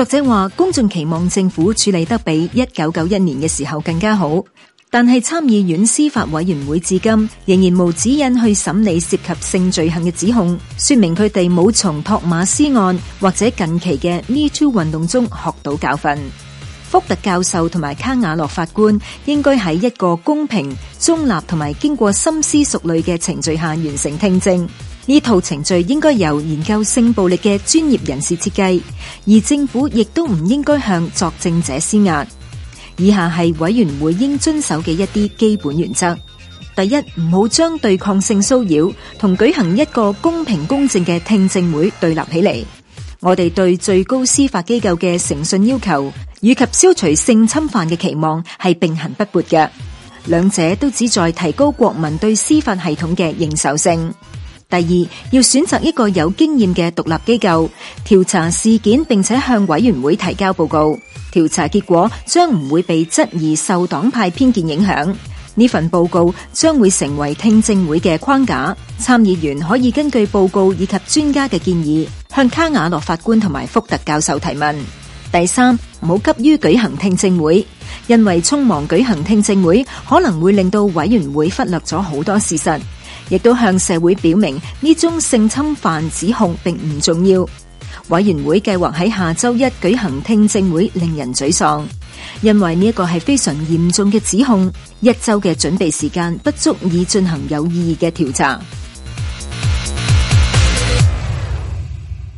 作者話：公眾期望政府處理得比一九九一年嘅時候更加好，但係參議院司法委員會至今仍然無指引去審理涉及性罪行嘅指控，說明佢哋冇從托馬斯案或者近期嘅 Me Too 運動中學到教訓。福特教授同埋卡瓦諾法官應該喺一個公平、中立同埋經過深思熟慮嘅程序下完成聽證。呢套程序應該由研究性暴力嘅專業人士設計，而政府亦都唔應該向作證者施壓。以下係委員會應遵守嘅一啲基本原則：第一，唔好將對抗性騷擾同舉行一個公平公正嘅聽證會對立起嚟。我哋對最高司法機構嘅誠信要求以及消除性侵犯嘅期望係並行不悖嘅，兩者都旨在提高國民對司法系統嘅認受性。第二，要選擇一個有經驗嘅獨立機構調查事件，並且向委員會提交報告。調查結果將唔會被質疑受黨派偏見影響。呢份報告將會成為聽證會嘅框架，參議員可以根據報告以及專家嘅建議，向卡瓦諾法官同埋福特教授提問。第三，唔好急於舉行聽證會，因為匆忙舉行聽證會可能會令到委員會忽略咗好多事實。亦都向社會表明呢宗性侵犯指控並唔重要。委員會計劃喺下周一舉行聽證會，令人沮喪，因為呢一個係非常嚴重嘅指控，一周嘅準備時間不足以進行有意義嘅調查。